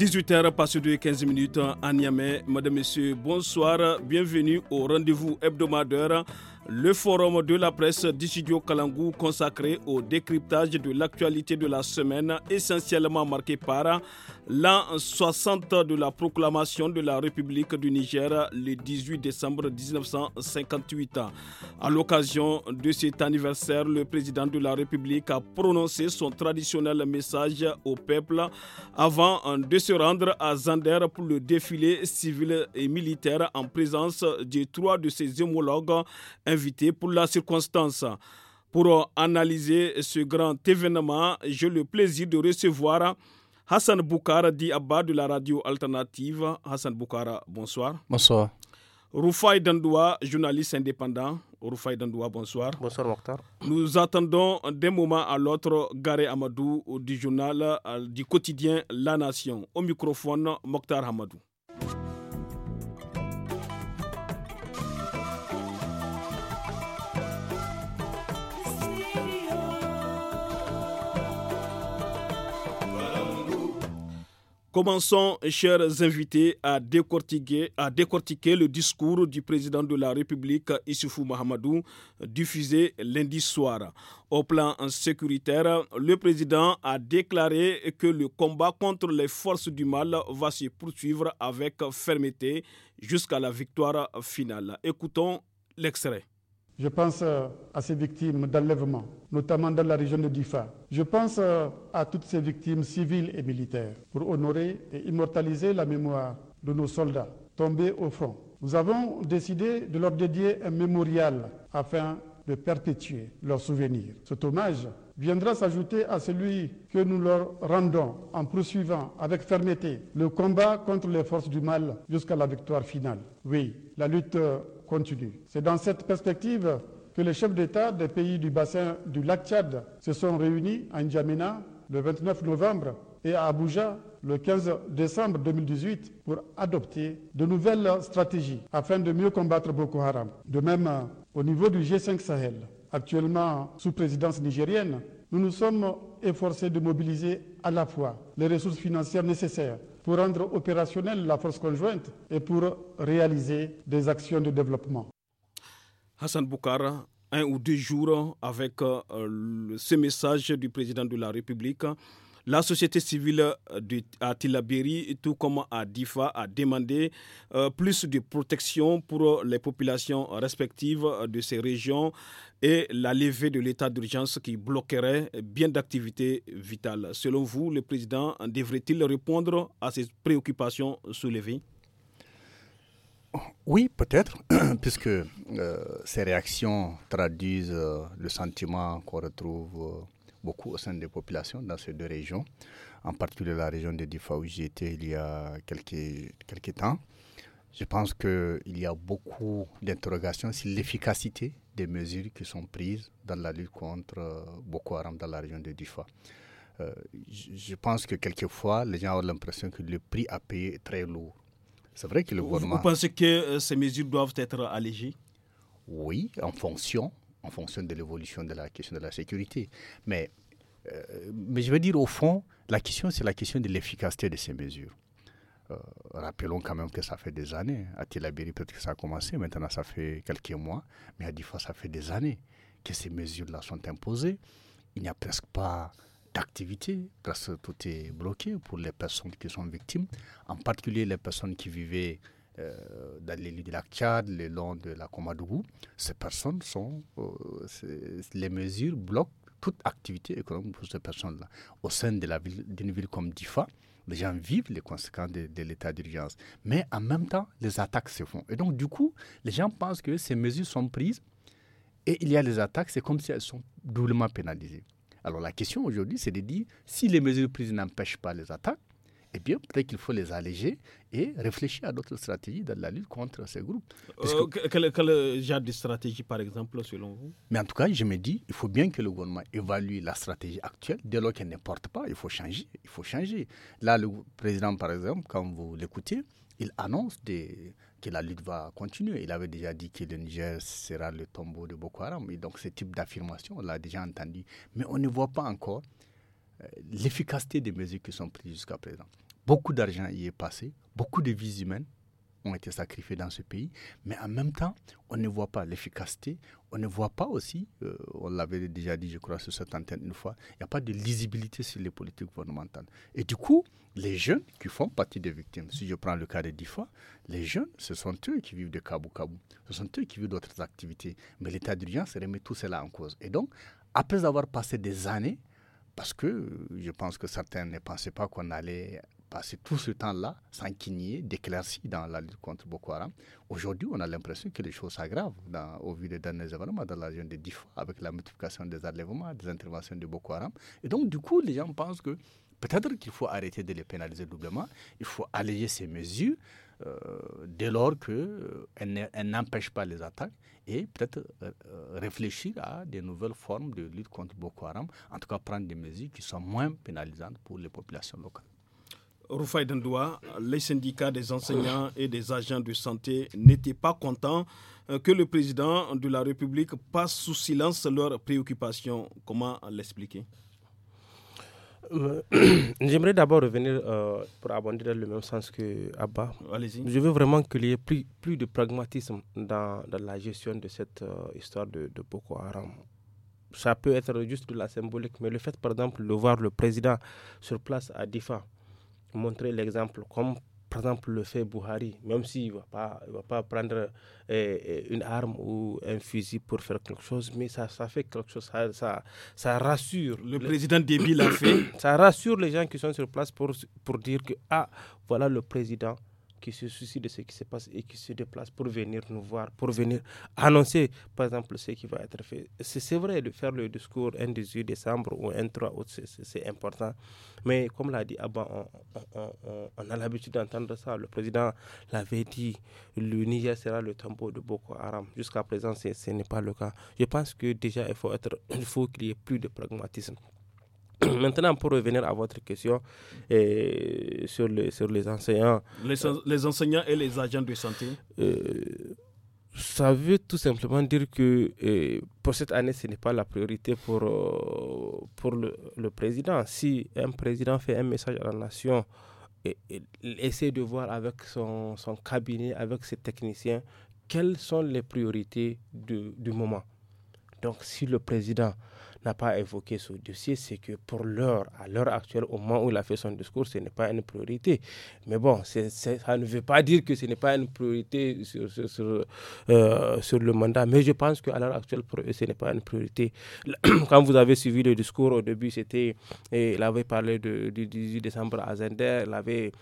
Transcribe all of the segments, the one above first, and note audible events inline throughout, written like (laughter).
18h passé de 15 minutes à Niamey. Madame, Messieurs, bonsoir. Bienvenue au rendez-vous hebdomadaire, le forum de la presse du Kalangou consacré au décryptage de l'actualité de la semaine, essentiellement marqué par L'an 60 de la proclamation de la République du Niger le 18 décembre 1958. À l'occasion de cet anniversaire, le président de la République a prononcé son traditionnel message au peuple avant de se rendre à Zander pour le défilé civil et militaire en présence des trois de ses homologues invités pour la circonstance. Pour analyser ce grand événement, j'ai le plaisir de recevoir Hassan Boukara dit Abba de la radio alternative. Hassan Boukara, bonsoir. Bonsoir. Rufai Dandoua, journaliste indépendant. Rufai Dandoua, bonsoir. Bonsoir Mokhtar. Nous attendons d'un moment à l'autre Garé Amadou du journal euh, du quotidien La Nation. Au microphone, Mokhtar Hamadou. Commençons, chers invités, à décortiquer, le discours du président de la République, Issoufou Mahamadou, diffusé lundi soir. Au plan sécuritaire, le président a déclaré que le combat contre les forces du mal va se poursuivre avec fermeté jusqu'à la victoire finale. Écoutons l'extrait. Je pense euh, à ces victimes d'enlèvement, notamment dans la région de Difa. Je pense euh, à toutes ces victimes civiles et militaires pour honorer et immortaliser la mémoire de nos soldats tombés au front. Nous avons décidé de leur dédier un mémorial afin de perpétuer leur souvenir. Cet hommage viendra s'ajouter à celui que nous leur rendons en poursuivant avec fermeté le combat contre les forces du mal jusqu'à la victoire finale. Oui, la lutte euh, c'est dans cette perspective que les chefs d'État des pays du bassin du lac Tchad se sont réunis à N'Djamena le 29 novembre et à Abuja le 15 décembre 2018 pour adopter de nouvelles stratégies afin de mieux combattre Boko Haram. De même, au niveau du G5 Sahel, actuellement sous présidence nigérienne, nous nous sommes efforcés de mobiliser à la fois les ressources financières nécessaires pour rendre opérationnelle la force conjointe et pour réaliser des actions de développement. Hassan Boukara, un ou deux jours avec euh, ce message du président de la République, la société civile à Tilabiri, tout comme à Difa, a demandé euh, plus de protection pour les populations respectives de ces régions et la levée de l'état d'urgence qui bloquerait bien d'activités vitales. Selon vous, le président devrait-il répondre à ces préoccupations soulevées oui, peut-être, (clears throat) puisque euh, ces réactions traduisent euh, le sentiment qu'on retrouve euh, beaucoup au sein des populations dans ces deux régions, en particulier la région de Difa où j'étais il y a quelques, quelques temps. Je pense qu'il y a beaucoup d'interrogations sur l'efficacité des mesures qui sont prises dans la lutte contre euh, Boko Haram dans la région de Dufa. Euh, je pense que quelquefois, les gens ont l'impression que le prix à payer est très lourd. C'est vrai que le gouvernement... Vous pensez que euh, ces mesures doivent être allégées Oui, en fonction, en fonction de l'évolution de la question de la sécurité. Mais, mais je veux dire, au fond, la question, c'est la question de l'efficacité de ces mesures. Euh, rappelons quand même que ça fait des années. À Tilabiri, peut-être que ça a commencé, maintenant ça fait quelques mois, mais à fois ça fait des années que ces mesures-là sont imposées. Il n'y a presque pas d'activité, presque tout est bloqué pour les personnes qui sont victimes, en particulier les personnes qui vivaient euh, dans les lits de la Tchad, le long de la Comadougou. Ces personnes sont. Euh, les mesures bloquent toute activité économique pour ces personnes-là. Au sein d'une ville, ville comme Difa, les gens vivent les conséquences de, l'état d'urgence. Mais en même temps, les attaques se font. Et donc, du coup, les gens pensent que ces mesures sont prises et il y a les attaques. C'est comme si elles sont doublement pénalisées. Alors, la question aujourd'hui, c'est de dire si les mesures prises n'empêchent pas les attaques, et bien, peut-être qu'il faut les alléger et réfléchir à d'autres stratégies dans la lutte contre ces groupes. Euh, quel, genre de stratégie, par exemple, selon vous Mais en tout cas, je me dis, il faut bien que le gouvernement évalue la stratégie actuelle. Dès lors qu'elle ne porte pas, il faut changer. Il faut changer. Là, le président, par exemple, quand vous l'écoutez, il annonce que la lutte va continuer. Il avait déjà dit que le Niger sera le tombeau de Boko Haram. Et donc, ce type d'affirmation, on l'a déjà entendu. Mais on ne voit pas encore euh, l'efficacité des mesures qui sont prises jusqu'à présent. Beaucoup d'argent y est passé, beaucoup de vies humaines ont été sacrifiées dans ce pays, mais en même temps, on ne voit pas l'efficacité, on ne voit pas aussi, euh, on l'avait déjà dit, je crois, sur cette antenne une fois, il n'y a pas de lisibilité sur les politiques gouvernementales. Et du coup, les jeunes qui font partie des victimes, si je prends le cas des fois, les jeunes, ce sont eux qui vivent de kabou-kabou, ce sont eux qui vivent d'autres activités, mais l'état d'urgence remet tout cela en cause. Et donc, après avoir passé des années parce que euh, je pense que certains ne pensaient pas qu'on allait passer tout ce temps-là sans qu'il n'y ait d'éclaircie dans la lutte contre Boko Haram. Aujourd'hui, on a l'impression que les choses s'aggravent au vu des derniers événements dans la région de Difa, avec la multiplication des enlèvements, des interventions de Boko Haram. Et donc, du coup, les gens pensent que peut-être qu'il faut arrêter de les pénaliser doublement, il faut alléger ces mesures. Euh, dès lors qu'elle euh, n'empêche pas les attaques et peut-être euh, réfléchir à des nouvelles formes de lutte contre Boko Haram, en tout cas prendre des mesures qui sont moins pénalisantes pour les populations locales. Rufai Dendoua, les syndicats des enseignants et des agents de santé n'étaient pas contents que le président de la République passe sous silence leurs préoccupations. Comment l'expliquer euh, (clears throat) j'aimerais d'abord revenir euh, pour abonder dans le même sens que Abba. Je veux vraiment qu'il y ait plus, plus de pragmatisme dans, dans, la gestion de cette euh, histoire de, de, Boko Haram. Ça peut être juste de la symbolique, mais le fait, par exemple, de voir le président sur place à Difa montrer l'exemple, comme par exemple, le fait Bouhari, même s'il ne va, pas, va pas prendre euh, euh, une arme ou un fusil pour faire quelque chose, mais ça, ça fait quelque chose, ça, ça, rassure. Le, président débile fait. (coughs) Ça rassure les gens qui sont sur place pour, pour dire que, ah, voilà le président, qui se soucient de ce qui se passe et qui se déplacent pour venir nous voir, pour venir annoncer, par exemple, ce qui va être fait. C'est vrai de faire le discours un 18 décembre ou un 3 août, c'est important. Mais comme l'a dit Abba, on, a l'habitude d'entendre ça. Le président l'avait dit, le Niger sera le tombeau de Boko Haram. Jusqu'à présent, ce n'est pas le cas. Je pense que déjà, il faut, être, il faut qu'il y ait plus de pragmatisme. (clears throat) Maintenant, pour revenir à votre question euh, sur, les, sur les enseignants. Les, enseignants et les agents de santé euh, Ça veut tout simplement dire que euh, pour cette année, ce n'est pas la priorité pour, pour le, le, président. Si un président fait un message à la nation, et, essaie de voir avec son, son, cabinet, avec ses techniciens, quelles sont les priorités du moment. Donc, si le président n'a pas évoqué ce dossier, c'est que pour l'heure, à l'heure actuelle, au moment où il a fait son discours, ce n'est pas une priorité. Mais bon, ça ne veut pas dire que ce n'est pas une priorité sur, euh, le mandat. Mais je pense qu'à l'heure actuelle, pour ce n'est pas une priorité. (clears throat) Quand vous avez suivi le discours au début, c'était, il avait parlé du 18 décembre à Zender, il avait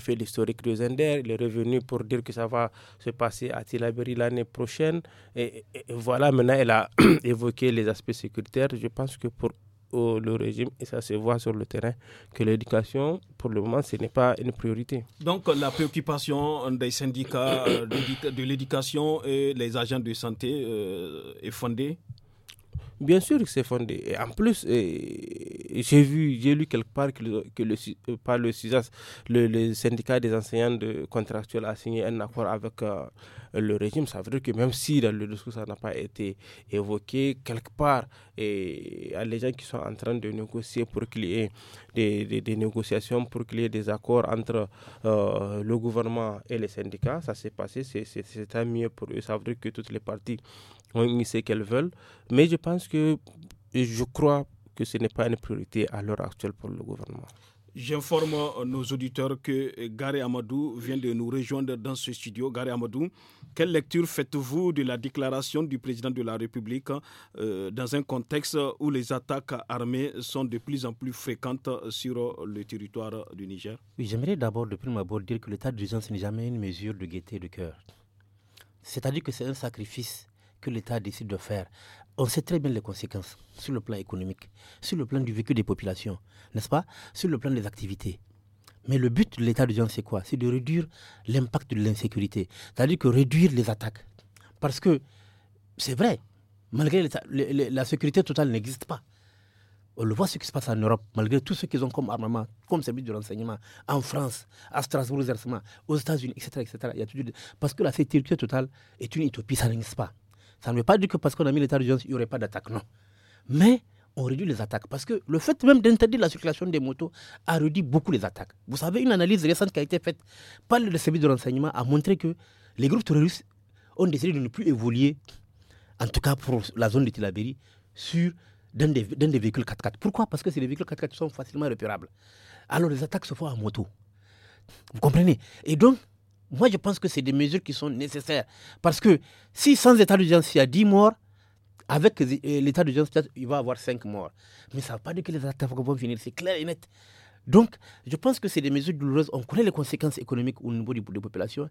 fait l'historique de Zender. Il est revenu pour dire que ça va se passer à Tilaberi l'année prochaine. Et, voilà, maintenant, elle a (clears throat) évoqué les aspects sécuritaires. Je pense que pour euh, le régime, et ça se voit sur le terrain, que l'éducation, pour le moment, ce n'est pas une priorité. Donc, la préoccupation des syndicats euh, de l'éducation et les agents de santé euh, est fondée Bien sûr que c'est fondé. en plus, j'ai vu, j'ai lu quelque part que, le, euh, par le, syndicat des enseignants de contractuels a signé un accord avec euh, le régime. Ça veut dire que même si dans le discours ça n'a pas été évoqué, quelque part, les gens qui sont en train de négocier pour qu'il y ait des, des, négociations, pour qu'il y ait des accords entre euh, le gouvernement et les syndicats, ça s'est passé, c'est un mieux pour eux. Ça veut dire que toutes les parties ont ce qu'elles veulent. Mais je pense que je crois que ce n'est pas une priorité à l'heure actuelle pour le gouvernement. J'informe nos auditeurs que Gary Amadou vient de nous rejoindre dans ce studio. Gary Amadou, quelle lecture faites-vous de la déclaration du président de la République euh, dans un contexte où les attaques armées sont de plus en plus fréquentes sur le territoire du Niger Oui, j'aimerais d'abord, de prime abord, dire que l'état d'urgence n'est jamais une mesure de gaieté de cœur. C'est-à-dire que c'est un sacrifice l'État décide de faire, on sait très bien les conséquences sur le plan économique, sur le plan du vécu des populations, n'est-ce pas Sur le plan des activités. Mais le but de l'état de d'urgence, c'est quoi C'est de réduire l'impact de l'insécurité, c'est-à-dire que réduire les attaques. Parce que c'est vrai, malgré l'État, la sécurité totale n'existe pas. On le voit ce qui se passe en Europe, malgré tout ce qu'ils ont comme armement, comme service de renseignement, en France, à Strasbourg, aux États-Unis, etc., etc. Il y a tout... Parce que la sécurité totale est une utopie, ça n'existe pas. Ça ne veut pas dire que parce qu'on a mis l'état d'urgence, il n'y aurait pas d'attaque, non. Mais on réduit les attaques. Parce que le fait même d'interdire la circulation des motos a réduit beaucoup les attaques. Vous savez, une analyse récente qui a été faite par le service de renseignement a montré que les groupes terroristes ont décidé de ne plus évoluer, en tout cas pour la zone de Tilaberi, sur des, véhicules 4x4. Pourquoi Parce que ces véhicules 4x4 sont facilement repérables. Alors les attaques se font à moto. Vous comprenez Et donc, moi, je pense que c'est des mesures qui sont nécessaires. Parce que si sans état d'urgence, il y a 10 morts, avec euh, l'état d'urgence, il va y avoir 5 morts. Mais ça ne veut pas dire que les attaques vont finir, c'est clair et net. Donc, je pense que c'est des mesures douloureuses. On connaît les conséquences économiques au niveau des populations.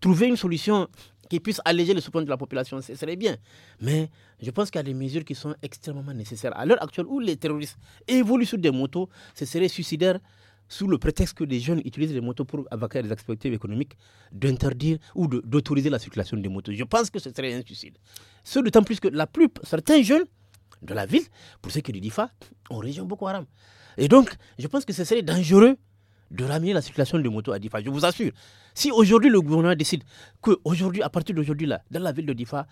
Trouver une solution qui puisse alléger le souffrance de la population, ce serait bien. Mais je pense qu'il y a des mesures qui sont extrêmement nécessaires. À l'heure actuelle où les terroristes évoluent sur des motos, ce serait suicidaire sous le prétexte que les jeunes utilisent les motos pour avancer les expectatives économiques, d'interdire ou d'autoriser la circulation des motos. Je pense que ce serait un suicide. Ce d'autant plus que la certains jeunes de la ville, pour ceux qui du DIFA, ont région Boko Haram. Et donc, je pense que ce serait dangereux de ramener la circulation des motos à Difa. Je vous assure, si aujourd'hui le gouvernement décide qu'aujourd'hui, à partir d'aujourd'hui, là, dans la ville de Difa,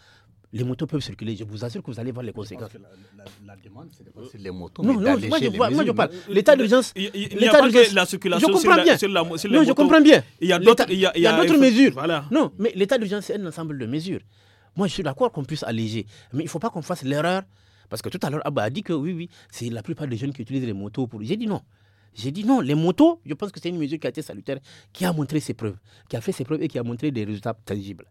les motos peuvent circuler. Je vous assure que vous allez voir les conséquences. Je que la, demande, c'est euh, les motos. Non, non moi, je vois, moi, je parle. L'état d'urgence. L'état La circulation je comprends bien. Sur non, je comprends bien. Il y a d'autres mesures. Voilà. Non, mais l'état d'urgence, c'est un ensemble de mesures. Moi, je suis d'accord qu'on puisse alléger, mais il ne faut pas qu'on fasse l'erreur. Parce que tout à l'heure, Abba a dit que oui, oui, c'est la plupart des jeunes qui utilisent les motos pour. J'ai dit non. J'ai dit non, les motos, je pense que c'est une mesure qui a été salutaire, qui a montré ses preuves, qui a fait ses preuves et qui a montré des résultats tangibles.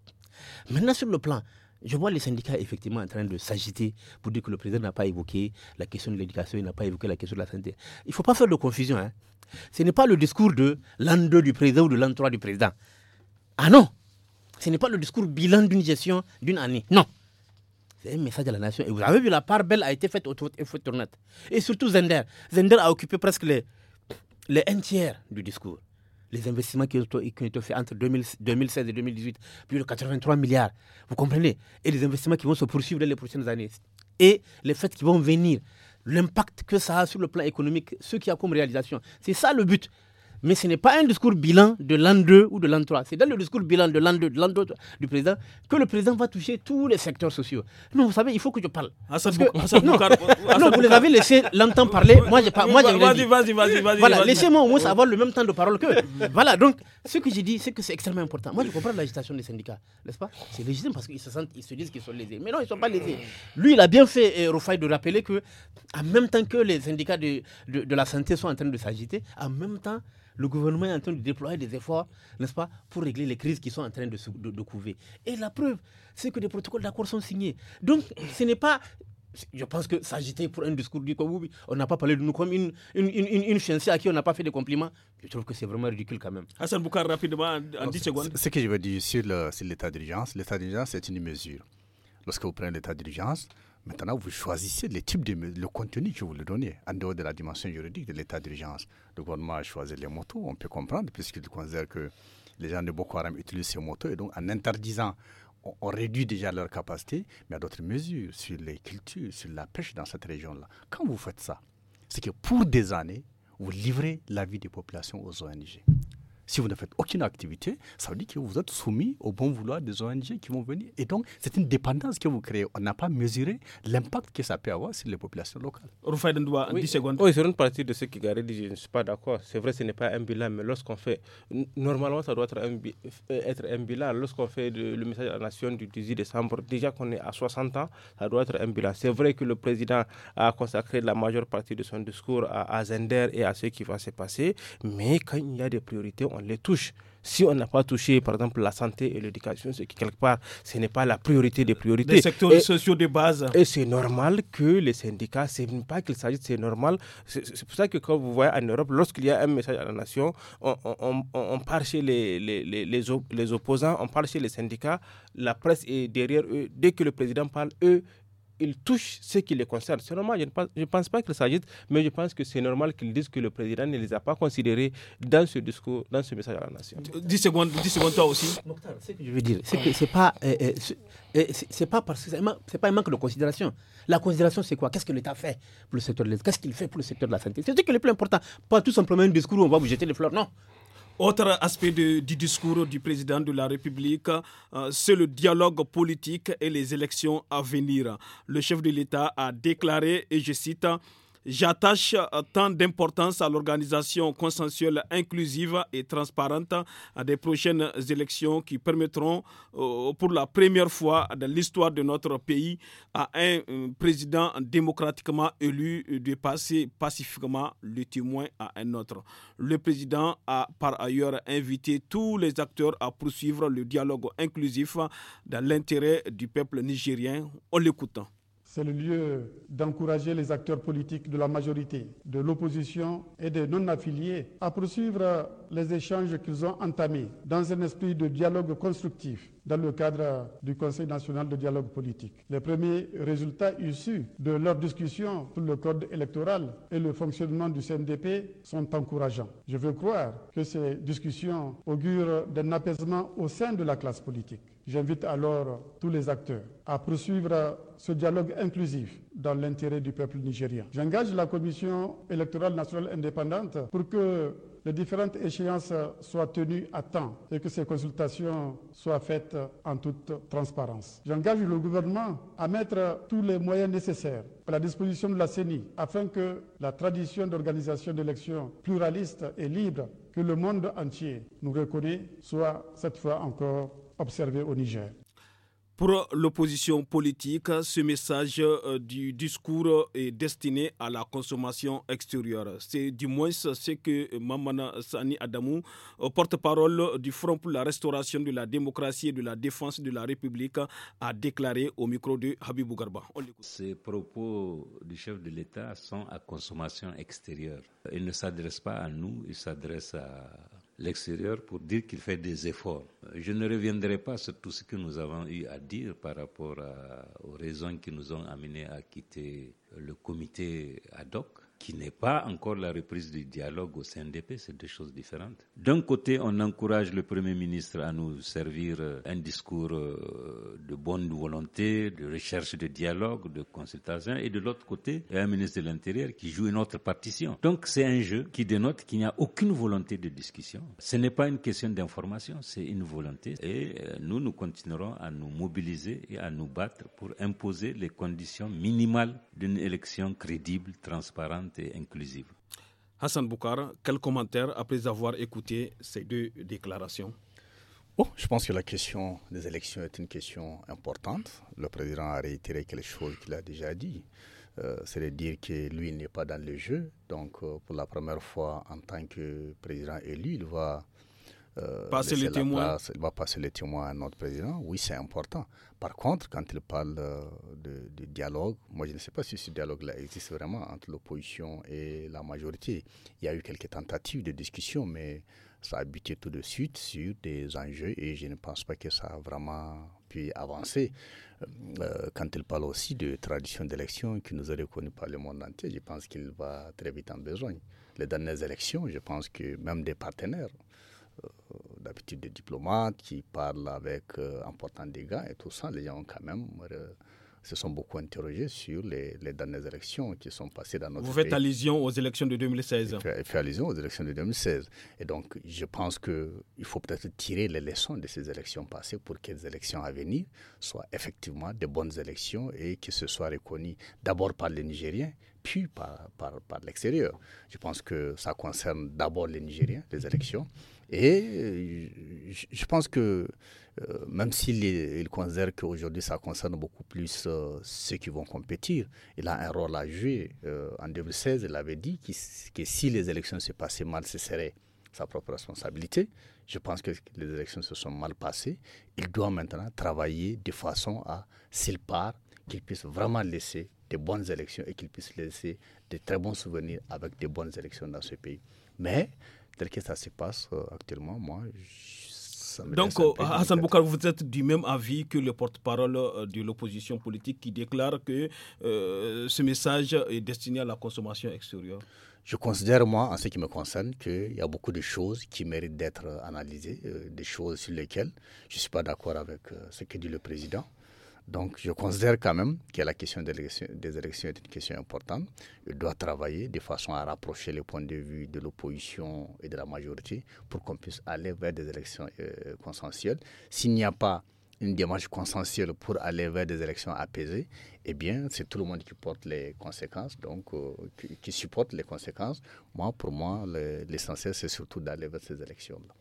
Maintenant, sur le plan je vois les syndicats effectivement en train de s'agiter pour dire que le président n'a pas évoqué la question de l'éducation, il n'a pas évoqué la question de la santé. Il ne faut pas faire de confusion. Hein. Ce n'est pas le discours de l'an 2 du président ou de l'an 3 du président. Ah non Ce n'est pas le discours bilan d'une gestion d'une année. Non c'est un message à la nation. Et vous avez vu, la part belle a été faite au de Et surtout Zender. Zender a occupé presque les, les un tiers du discours les investissements qui ont, été faits entre 2016 et 2018, plus de 83 milliards, vous comprenez Et les investissements qui vont se poursuivre dans les prochaines années. Et les fêtes qui vont venir, l'impact que ça a sur le plan économique, ce qui a comme réalisation. C'est ça le but. Mais ce n'est pas un discours bilan de l'an 2 ou de l'an 3. C'est dans le discours bilan de l'an 2, de l'an 2 du président que le président va toucher tous les secteurs sociaux. Non, vous savez, il faut que je parle. (laughs) non, vous les avez laissés longtemps parler. Moi, j'ai pas. vas-y, vas-y, vas-y, vas-y. Voilà, laissez-moi au moins avoir le même temps de parole qu'eux. voilà, donc ce que j'ai dit, c'est que c'est extrêmement important. Moi, je comprends l'agitation des syndicats, n'est-ce pas C'est légitime parce qu'ils se sentent, ils se disent qu'ils sont lésés. Mais non, ils ne sont pas lésés. Lui, il a bien fait, eh, de rappeler que, en même temps que les syndicats de, de, de la santé sont en train de s'agiter, en même temps, le gouvernement est en train de déployer des efforts, n'est-ce pas, pour régler les crises qui sont en train de, se couver. Et la preuve, c'est que des protocoles d'accord sont signés. Donc, ce n'est pas je pense que s'agiter pour un discours du Koubi, on n'a pas parlé de nous comme une, une, une, à qui on n'a pas fait de compliments, je trouve que c'est vraiment ridicule quand même. Hassan Boukar, rapidement, en 10 secondes. Ce que je veux dire sur l'état d'urgence, l'état d'urgence, c'est une mesure. Lorsque vous prenez l'état d'urgence, Maintenant, vous choisissez les types de, le contenu que vous le donnez, en dehors de la dimension juridique de l'état d'urgence. Le gouvernement a choisi les motos, on peut comprendre, puisqu'il considère que les gens de Boko Haram utilisent ces motos, et donc en interdisant, on réduit déjà leur capacité, mais à d'autres mesures, sur les cultures, sur la pêche dans cette région-là. Quand vous faites ça, c'est que pour des années, vous livrez la vie des populations aux ONG. Si vous ne faites aucune activité, ça veut dire que vous êtes soumis au bon vouloir des ONG qui vont venir. Et donc, c'est une dépendance que vous créez. On n'a pas mesuré l'impact que ça peut avoir sur les populations locales. Dendoua, oui, 10 sur une partie de ce que Gary dit, je ne suis pas d'accord. C'est vrai, ce n'est pas un bilan, mais lorsqu'on fait. Normalement, ça doit être un, euh, être un bilan. Lorsqu'on fait le message à la nation du 18 décembre, déjà qu'on est à 60 ans, ça doit être un bilan. C'est vrai que le président a consacré la majeure partie de son discours à, à Zender et à ce qui va se passer, mais quand il y a des priorités, on les touche. Si on n'a pas touché, par exemple, la santé et l'éducation, ce qui, quelque part, ce n'est pas la priorité des priorités. Les secteurs sociaux de base. Et c'est normal que les syndicats, n'est pas qu'il s'agit, c'est normal. C'est pour ça que quand vous voyez en Europe, lorsqu'il y a un message à la nation, on, on, on, part chez les, les, les, les, opposants, on part chez les syndicats, la presse est derrière eux. Dès que le président parle, eux, ils touchent ce qui les concerne. C'est normal, je ne pense, je pense pas qu'ils s'agissent, mais je pense que c'est normal qu'ils disent que le président ne les a pas considérés dans ce discours, dans ce message à la nation. 10 euh, secondes, toi aussi. ce que je veux dire, c'est que c'est pas, euh, euh, c'est pas parce c'est pas un manque de considération. La considération, c'est quoi Qu'est-ce que l'État fait pour le secteur de Qu'est-ce qu'il fait pour le secteur de la santé C'est ce qui est le plus important. Pas tout simplement un discours où on va vous jeter les fleurs, non. Autre aspect du discours du président de la République, euh, c'est le dialogue politique et les élections à venir. Le chef de l'État a déclaré, et je cite, J'attache tant d'importance à l'organisation consensuelle inclusive et transparente à des prochaines élections qui permettront euh, pour la première fois dans l'histoire de notre pays à un euh, président démocratiquement élu de passer pacifiquement le témoin à un autre. Le président a par ailleurs invité tous les acteurs à poursuivre le dialogue inclusif dans l'intérêt du peuple nigérien en l'écoutant. C'est le lieu d'encourager les acteurs politiques de la majorité, de l'opposition et des non-affiliés à poursuivre les échanges qu'ils ont entamés dans un esprit de dialogue constructif dans le cadre du Conseil national de dialogue politique. Les premiers résultats issus de leurs discussions sur le code électoral et le fonctionnement du CNDP sont encourageants. Je veux croire que ces discussions augurent d'un apaisement au sein de la classe politique. J'invite alors tous les acteurs à poursuivre ce dialogue inclusif dans l'intérêt du peuple nigérien. J'engage la Commission électorale nationale indépendante pour que les différentes échéances soient tenues à temps et que ces consultations soient faites en toute transparence. J'engage le gouvernement à mettre tous les moyens nécessaires à la disposition de la CENI afin que la tradition d'organisation d'élections pluralistes et libres que le monde entier nous reconnaît soit cette fois encore observée au Niger. Pour l'opposition politique, ce message euh, du discours est destiné à la consommation extérieure. C'est du moins ce que Mamana Sani Adamou, euh, porte-parole du Front pour la restauration de la démocratie et de la défense de la République, a déclaré au micro de Habibou Garba. Ces propos du chef de l'État sont à consommation extérieure. Il ne s'adresse pas à nous, il s'adresse à l'extérieur pour dire qu'il fait des efforts. Je ne reviendrai pas sur tout ce que nous avons eu à dire par rapport aux raisons qui nous ont amenés à quitter le comité ad hoc qui n'est pas encore la reprise du dialogue au CNDP, c'est deux choses différentes. D'un côté, on encourage le Premier ministre à nous servir euh, un discours euh, de bonne volonté, de recherche de dialogue, de consultation, et de l'autre côté, il y a un ministre de l'Intérieur qui joue une autre partition. Donc c'est un jeu qui dénote qu'il n'y a aucune volonté de discussion. Ce n'est pas une question d'information, c'est une volonté. Et euh, nous, nous continuerons à nous mobiliser et à nous battre pour imposer les conditions minimales d'une élection crédible, transparente, inclusive. Hassan Boukar, quel commentaire après avoir écouté ces deux déclarations Oh, je pense que la question des élections est une question importante. Le président a réitéré quelque chose qu'il a déjà dit. Euh, c'est de dire que lui n'est pas dans le jeu. Donc, euh, pour la première fois en tant que président élu, il va euh, passer les témoins. il va passer les témoins à notre président. Oui, c'est important. Par contre, quand il parle euh, de, dialogue, moi je ne sais pas si ce dialogue-là existe vraiment entre l'opposition et la majorité. Il y a eu quelques tentatives de discussion, mais ça a buté tout de suite sur des enjeux et je ne pense pas que ça a vraiment pu avancer. Euh, quand il parle aussi de tradition d'élection qui nous a reconnue par le monde entier, je pense qu'il va très vite en besoin Les dernières élections, je pense que même des partenaires euh, d'habitude des diplomates qui parlent avec, important euh, dégâts et tout ça, les gens quand même euh, se sont beaucoup interrogés sur les, les, dernières élections qui sont passées dans notre Vous faites allusion aux élections de 2016 je fais, allusion aux élections de 2016. Et donc, je pense qu'il faut peut-être tirer les leçons de ces élections passées pour que les élections à venir soient effectivement de bonnes élections et que ce soit reconnu d'abord par les Nigériens, puis par, par, par l'extérieur. Je pense que ça concerne d'abord les Nigériens, les élections, et euh, je pense que euh, même s'il le qu'aujourd'hui ça concerne beaucoup plus euh, ceux qui vont compétir, il a un rôle à jouer. en 2016, il avait dit que, si les élections se passaient mal, ce serait sa propre responsabilité. Je pense que les élections se sont mal passées. Il doit maintenant travailler de façon à, s'il part, qu'il puisse vraiment laisser des bonnes élections et qu'il puisse laisser de très bons souvenirs avec des bonnes élections dans ce pays. Mais tel que ça se passe euh, actuellement, moi, ça me Donc, euh, Hassan Boukar, vous êtes du même avis que le porte-parole euh, de l'opposition politique qui déclare que ce message est destiné à la consommation extérieure je considère, moi, en ce qui me concerne, qu'il y a beaucoup de choses qui méritent d'être analysées, des choses sur lesquelles je ne suis pas d'accord avec ce que dit le président. Donc, je considère quand même que la question des élections, est une question importante. Il doit travailler de façon à rapprocher les points de vue de l'opposition et de la majorité pour qu'on puisse aller vers des élections euh, consensuelles. S'il n'y a pas une démarche consensuelle pour aller vers des élections apaisées, eh bien, c'est tout le monde qui porte les conséquences, donc euh, qui, supporte les conséquences. Moi, pour moi, l'essentiel, c'est surtout d'aller vers ces élections-là.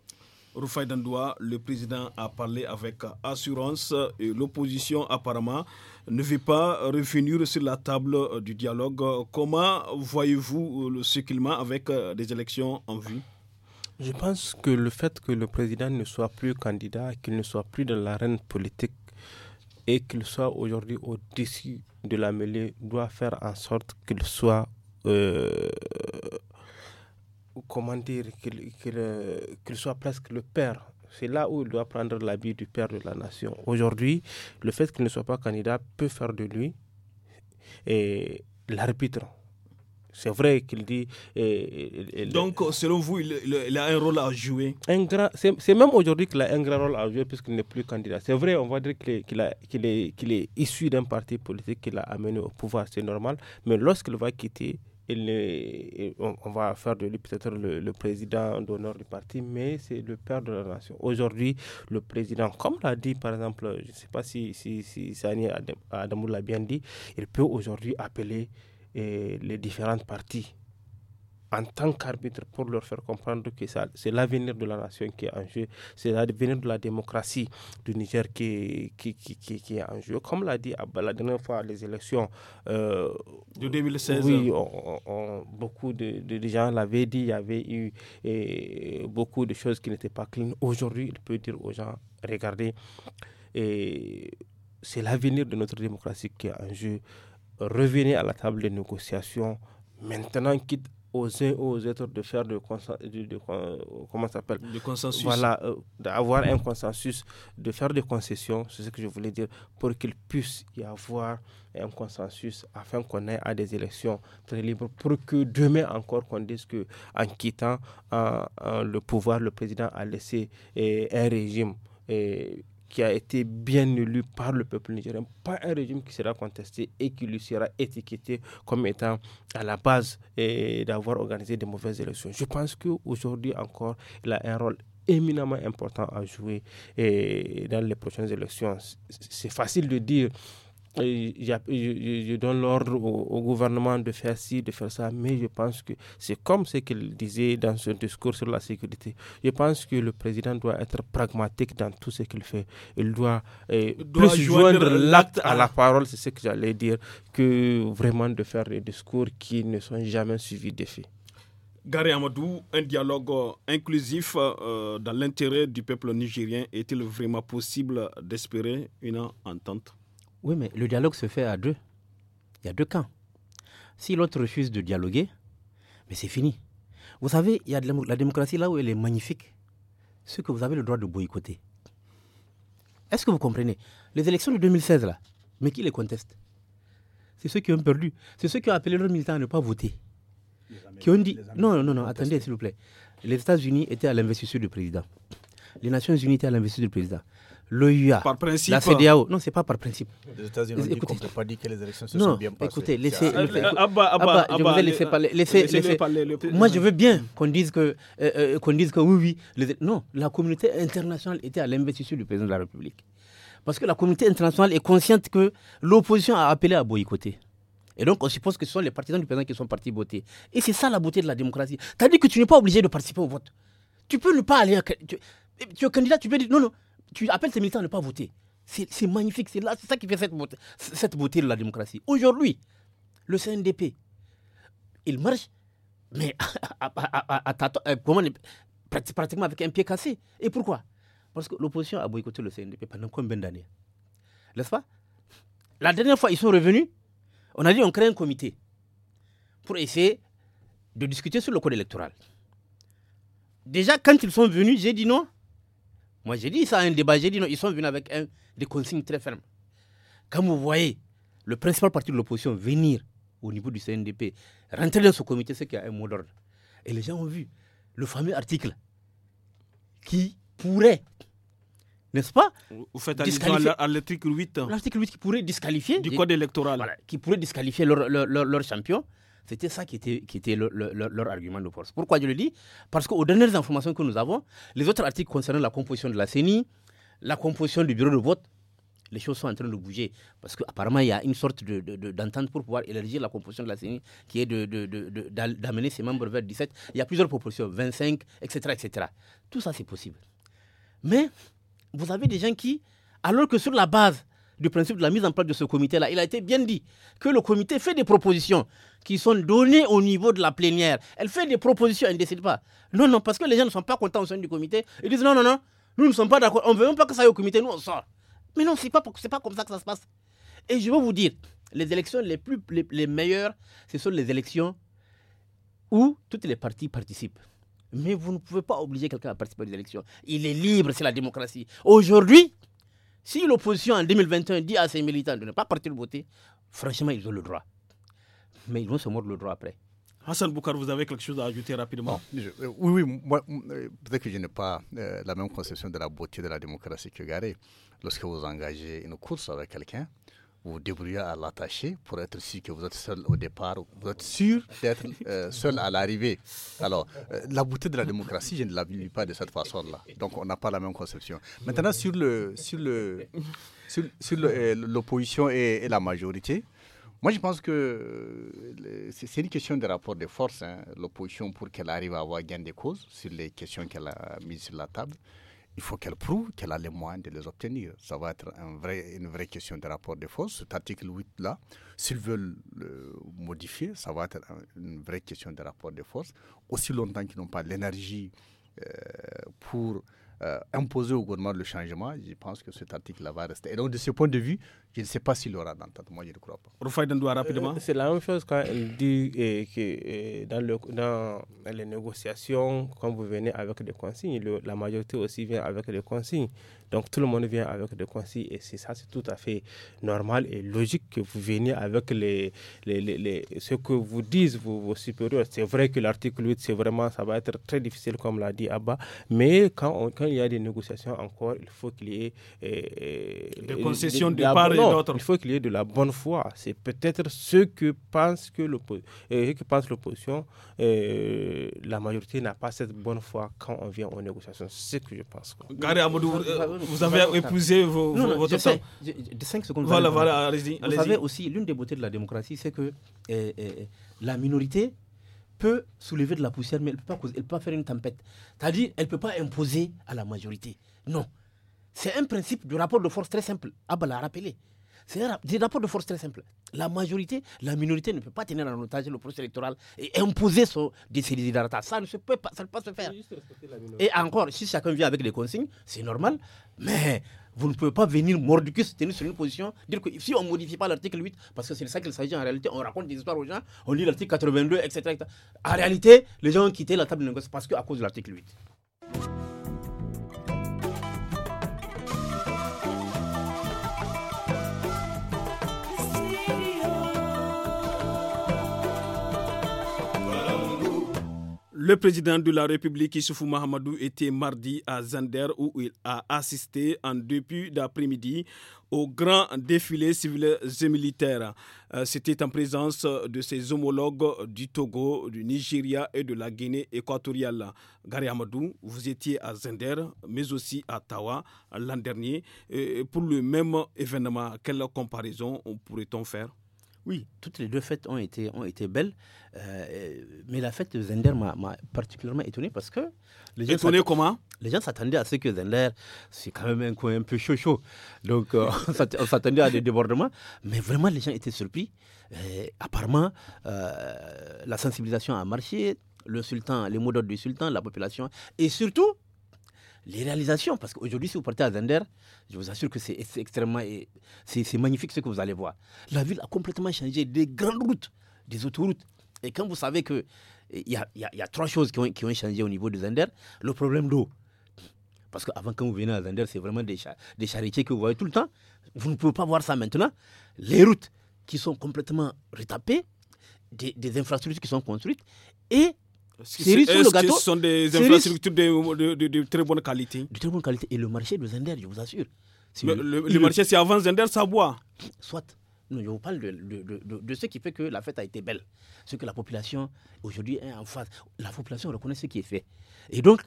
Rufai Dandoua, le président a parlé avec assurance et l'opposition apparemment ne veut pas revenir sur la table du dialogue. Comment voyez-vous le circulement avec euh, des élections en vue Je pense que le fait que le président ne soit plus candidat, qu'il ne soit plus dans l'arène politique et qu'il soit aujourd'hui au-dessus de la mêlée doit faire en sorte qu'il soit euh, comment dire, euh, qu'il soit presque le père. C'est là où il doit prendre l'habit du père de la nation. Aujourd'hui, le fait qu'il ne soit pas candidat peut faire de lui eh, l'arbitre. C'est vrai qu'il dit. Eh, Donc, selon vous, il, a un rôle à jouer C'est même aujourd'hui qu'il a un grand rôle à jouer puisqu'il n'est plus candidat. C'est vrai, on va dire qu'il est, est, qu'il est, issu d'un parti politique qu'il a amené au pouvoir, c'est normal. Mais lorsqu'il va quitter, on, va faire de lui peut-être le, président d'honneur du parti, mais c'est le père de la nation. Aujourd'hui, le président, comme l'a dit par exemple, je ne sais pas si, si, si Sani Adamou l'a bien dit, il peut aujourd'hui appeler eh, les différentes parties en tant qu'arbitre pour leur faire comprendre que c'est l'avenir de la nation qui est en jeu, c'est l'avenir de la démocratie du Niger qui, qui, qui, est en jeu. Comme l'a dit la dernière fois, les élections euh, de 2016, oui, beaucoup de, gens l'avaient dit, il y avait eu beaucoup de choses qui n'étaient pas clean. Aujourd'hui, il peut dire aux gens, regardez, c'est l'avenir de notre démocratie qui est en jeu. Revenez à la table des négociations. Maintenant, quitte aux uns et aux autres de faire de, comment s'appelle de consensus voilà euh, d'avoir un consensus de faire des concessions c'est ce que je voulais dire pour qu'il puisse y avoir un consensus afin qu'on ait à des élections très libres pour que demain encore qu'on dise que en quittant le pouvoir le président a laissé eh, un régime eh, qui a été bien élu par le peuple nigérien, pas un régime qui sera contesté et qui lui sera étiqueté comme étant à la base eh, d'avoir organisé de mauvaises élections. Je pense qu'aujourd'hui encore, il a un rôle éminemment important à jouer eh, dans les prochaines élections. C'est facile de dire je, donne l'ordre au, gouvernement de faire ci, de faire ça, mais je pense que c'est comme ce qu'il disait dans son discours sur la sécurité. Je pense que le président doit être pragmatique dans tout ce qu'il fait. Il doit, eh, plus joindre l'acte à la parole, c'est ce que j'allais dire, que vraiment de faire des discours qui ne sont jamais suivis d'effet. Gary Amadou, un dialogue euh, inclusif euh, dans l'intérêt du peuple nigérien, est-il vraiment possible d'espérer une entente oui, mais le dialogue se fait à deux. Il y a deux camps. Si l'autre refuse de dialoguer, mais c'est fini. Vous savez, il y a la, démocratie là où elle est magnifique. Ce que vous avez le droit de boycotter. Est-ce que vous comprenez Les élections de 2016 là, mais qui les conteste C'est ceux qui ont perdu. C'est ceux qui ont appelé leurs militants à ne pas voter. Qui ont dit... Non, non, non, attendez s'il vous plaît. Les États-Unis étaient à l'investiture du président. Les Nations Unies étaient à l'investiture du président. L'OIA, par principe, la CDAO. Non, ce n'est pas par principe. Les États-Unis écoutez, ne pas dit que les élections se sont bien passées. Écoutez, laissez, je vous ai parler. Laissez, Moi, je veux bien qu'on dise que euh, euh, qu'on dise que oui, oui. non, la communauté internationale était à l'investiture du président de la République, parce que la communauté internationale est consciente que l'opposition a appelé à boycotter. Et donc, on suppose que ce sont les partisans du président qui sont partis voter. Et c'est ça la beauté de la démocratie. tu as que tu n'es pas obligé de participer au vote. Tu peux ne pas aller. Tu, eh, tu es candidat, tu peux dire non, non, tu appelles ces militants à ne pas voter. C'est magnifique, c'est là, c'est ça qui fait cette beauté, de la démocratie. Aujourd'hui, le CNDP, il marche, mais pratiquement avec un pied cassé. Et pourquoi Parce que l'opposition a boycotté le CNDP pendant combien d'années N'est-ce pas La dernière fois, ils sont revenus, on a dit on crée un comité pour essayer de discuter sur le code électoral. Déjà, quand ils sont venus, j'ai dit non, moi, j'ai dit ça à un débat, j'ai dit non, ils sont venus avec des consignes très fermes. Quand vous voyez le principal parti de l'opposition venir au niveau du CNDP, rentrer dans ce comité, c'est qu'il y a un mot d'ordre. Et les gens ont vu le fameux article qui pourrait, n'est-ce pas Vous faites allusion à l'article 8. L'article 8 qui pourrait disqualifier. Du code électoral. qui pourrait disqualifier leur champion. C'était ça qui était, leur argument de force. Pourquoi je le dis Parce qu'aux dernières informations que nous avons, les autres articles concernant la composition de la CENI, la composition du bureau de vote, les choses sont en train de bouger. Parce qu'apparemment, il y a une sorte d'entente pour pouvoir élargir la composition de la CENI qui est d'amener ses membres vers 17. Il y a plusieurs propositions, 25, etc. etc. Tout ça, c'est possible. Mais vous avez des gens qui, alors que sur la base du principe de la mise en place de ce comité-là. Il a été bien dit que le comité fait des propositions qui sont données au niveau de la plénière. Elle fait des propositions, elle ne décide pas. Non, non, parce que les gens ne sont pas contents au sein du comité. Ils disent non, non, non, nous ne sommes pas d'accord. On ne veut même pas que ça aille au comité, nous on sort. Mais non, ce n'est pas, pas comme ça que ça se passe. Et je veux vous dire, les élections les, plus, les meilleures, ce sont les élections où toutes les parties participent. Mais vous ne pouvez pas obliger quelqu'un à participer aux élections. Il est libre, c'est la démocratie. Aujourd'hui, si l'opposition en 2021 dit à ses militants de ne pas partir voter, franchement, ils ont le droit. Mais ils vont se mordre le droit après. Hassan Boukar, vous avez quelque chose à ajouter rapidement euh, Oui, oui, euh, peut-être que je n'ai pas euh, la même conception de la beauté de la démocratie que Garé. Lorsque vous engagez une course avec quelqu'un, vous débrouillez à l'attacher pour être sûr que vous êtes seul au départ, vous êtes sûr d'être euh, seul à l'arrivée. Alors, euh, la beauté de la démocratie, je ne la vis pas de cette façon-là. Donc, on n'a pas la même conception. Maintenant, sur le sur le sur, sur euh, l'opposition et, la majorité, moi, je pense que c'est une question de rapport de force. Hein, l'opposition, pour qu'elle arrive à avoir gain de cause sur les questions qu'elle a mises sur la table, il faut qu'elle prouve qu'elle a les moyens de les obtenir. Ça va être un vrai, une vraie question de rapport de force. Cet article 8-là, s'ils veulent le modifier, ça va être une vraie question de rapport de force. Aussi longtemps qu'ils n'ont pas l'énergie euh, pour euh, imposer au gouvernement le changement, je pense que cet article-là va rester. Et donc, de ce point de vue, je ne sais pas s'il aura dans ta Moi, je ne crois rapidement. c'est la même chose quand elle dit euh, que euh, dans, les négociations, quand vous venez avec des consignes, la majorité aussi vient avec des consignes. Donc tout le monde vient avec des consignes et c'est ça, c'est tout à fait normal et logique que vous veniez avec les, les, ce que vous disent vos, supérieurs. C'est vrai que l'article 8, c'est vraiment, ça va être très difficile comme l'a dit Abba, mais quand, quand il y a des négociations encore, il faut qu'il y ait... Euh, des concessions de, de part il faut qu'il y ait de la bonne foi. C'est peut-être ce que pense que euh, pense l'opposition. Euh, la majorité n'a pas cette bonne foi quand on vient aux négociations. C'est ce que je pense. Euh, vous avez épousé vos, votre temps. de 5 secondes. Voilà, voilà, allez-y. vous savez aussi, l'une des beautés de la démocratie, c'est que la minorité peut soulever de la poussière, mais elle ne peut, pas elle peut faire une tempête. C'est-à-dire, elle ne peut pas imposer à la majorité. Non. C'est un principe du rapport de force très simple. Abba l'a rappelé. C'est un rapport de force très simple. La majorité, la minorité ne peut pas tenir en otage le processus électoral et imposer son des Ça ça ne peut pas se faire. Et encore, si chacun vient avec des consignes, c'est normal, mais vous ne pouvez pas venir mordicus tenir sur une position, dire que si on ne modifie pas l'article 8, parce que c'est ça qu'il s'agit en réalité, on raconte des histoires aux gens, on lit l'article 82, etc., etc. En réalité, les gens ont quitté la table de négociation parce qu'à cause de l'article 8. Le président de la République, Issoufou Mahamadou, était mardi à Zander où il a assisté en début d'après-midi au grand défilé civil et militaire. Euh, c'était en présence de ses homologues du Togo, du Nigeria et de la Guinée équatoriale. Gary Amadou, vous étiez à Zender, mais aussi à Tawa l'an dernier pour le même événement. Quelle comparaison pourrait-on faire oui, toutes les deux fêtes ont été, belles, euh, mais la fête de Zender m'a particulièrement étonné parce que... Les gens étonné comment Les gens s'attendaient à ce que Zender, c'est quand même un coin un peu chaud chaud, donc euh, (laughs) on s'attendait à des débordements, mais vraiment les gens étaient surpris. apparemment, euh, la sensibilisation a marché, le sultan, les mots d'ordre du sultan, la population, et surtout les réalisations. Parce qu'aujourd'hui, si vous partez à Zender, je vous assure que c'est extrêmement. C'est magnifique ce que vous allez voir. La ville a complètement changé. Des grandes routes, des autoroutes. Et quand vous savez qu'il y a, y, y a, trois choses qui ont, qui ont changé au niveau de Zender, le problème d'eau. Parce qu'avant, quand vous venez à Zender, c'est vraiment des, des que vous voyez tout le temps. Vous ne pouvez pas voir ça maintenant. Les routes qui sont complètement retapées, des, des infrastructures qui sont construites et ce sont des infrastructures de, très bonne qualité De très bonne qualité. Et le marché de Zender, je vous assure. Le, marché, c'est avant Zender, ça boit. Soit. Non, je vous parle de, de, ce qui fait que la fête a été belle. Ce que la population, aujourd'hui, est en face. La population reconnaît ce qui est fait. Et donc,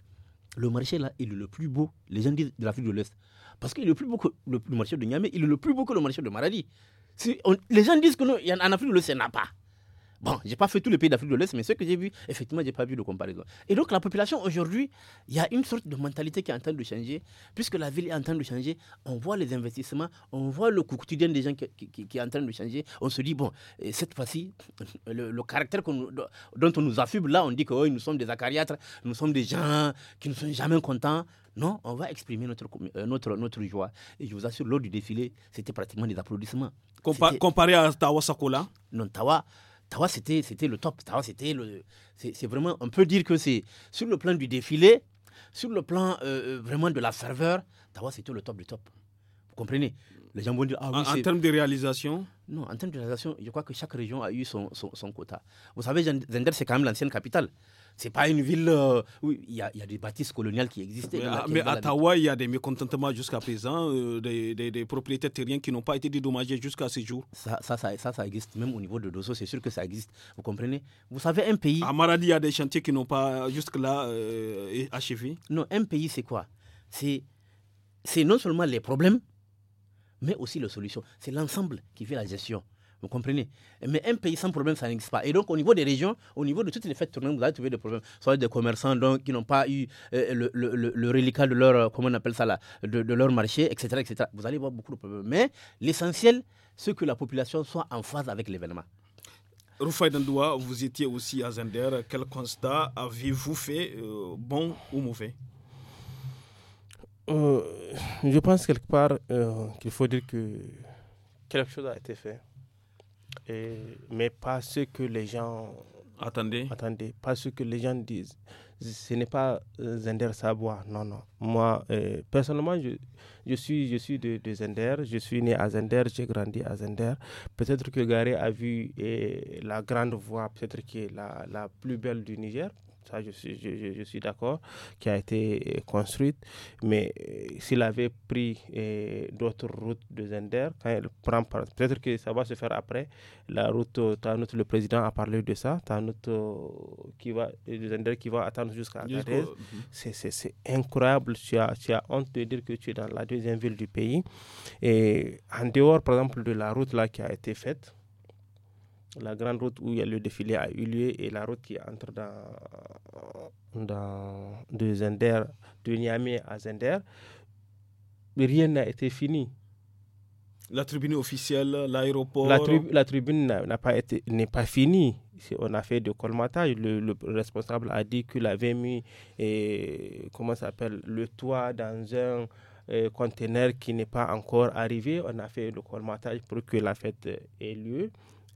le marché, là, il est le plus beau. Les gens disent de l'Afrique de l'Est. Parce qu'il est le plus beau que le, marché de Niamey, il est le plus beau que le marché de Maradi. Si les gens disent que en Afrique de l'Est, il n'y pas. Bon, j'ai pas fait tous les pays d'Afrique de l'Est, mais ce que j'ai vu, effectivement, j'ai pas vu de comparaison. Et donc, la population aujourd'hui, il y a une sorte de mentalité qui est en train de changer, puisque la ville est en train de changer. On voit les investissements, on voit le quotidien des gens qui, est en train de changer. On se dit, bon, cette fois-ci, le, caractère dont on nous affuble, là, on dit que oh, nous sommes des acariâtres, nous sommes des gens qui ne sont jamais contents. Non, on va exprimer notre, euh, notre, notre joie. Et je vous assure, lors du défilé, c'était pratiquement des applaudissements. comparé à Tawa Sakola Non, Tawa. Tawa, c'était le top. c'était le. C'est vraiment. On peut dire que c'est sur le plan du défilé, sur le plan euh, euh, vraiment de la ferveur, Tawa, c'était le top du top. Vous comprenez Les gens vont dire ah, En, termes de réalisation Non, en termes de réalisation, je crois que chaque région a eu son, son quota. Vous savez, Zender, c'est quand même l'ancienne capitale. C'est pas une ville. Euh, oui, il y, a des bâtisses coloniales qui existaient. Mais, à, il y a des mécontentements jusqu'à présent, euh, des, propriétaires terriens qui n'ont pas été dédommagés jusqu'à ce jour. Ça ça, ça existe. Même au niveau de Dosso, c'est sûr que ça existe. Vous comprenez Vous savez, un pays. À Maradi, il y a des chantiers qui n'ont pas jusque-là euh, achevé. Non, un pays, c'est quoi C'est non seulement les problèmes, mais aussi les solutions. C'est l'ensemble qui fait la gestion. Vous comprenez Mais un pays sans problème, ça n'existe pas. Et donc, au niveau des régions, au niveau de toutes les fêtes tournées, vous allez trouver des problèmes. Soit des commerçants donc, qui n'ont pas eu euh, le, le, reliquat de leur, euh, comment on appelle ça là, de, leur marché, etc., etc. Vous allez voir beaucoup de problèmes. Mais l'essentiel, c'est que la population soit en phase avec l'événement. Rufai Dandoua, vous étiez aussi à Zender. Quel constat avez-vous fait, euh, bon ou mauvais Je pense quelque part qu'il faut dire que quelque chose a été fait mais pas ce que les gens attendaient Attendez, pas ce que les gens disent. Ce n'est pas euh, Zender Sabois, non, non. Moi, euh, personnellement, je, je, suis, je suis de, de, Zender, je suis né à Zender, j'ai grandi à Zender. Peut-être que Gary a vu euh, la grande voix, peut-être qui est la, la, plus belle du Niger, ça je suis, je, je suis d'accord, qui a été euh, construite. Mais euh, s'il avait pris euh, d'autres routes de Zender, quand il prend, peut-être que ça va se faire après. La route, le président a parlé de ça, Tanout qui va, de Zender qui va attendre jusqu'à Agadez. Mhm. c'est C'est incroyable, tu as, tu as honte de dire que tu es dans la deuxième ville du pays. Et en dehors, par exemple, de la route là qui a été faite, la grande route où il y a le défilé a eu lieu et la route qui entre dans, dans de Zender, de Niamey à Zender, rien n'a été fini. La tribune officielle, l'aéroport. La, tribune n'a pas été n'est pas finie. On a fait de colmatage. Le, responsable a dit qu'il avait mis et, eh, comment s'appelle le toit dans un container eh, conteneur qui n'est pas encore arrivé. On a fait le colmatage pour que la fête ait lieu.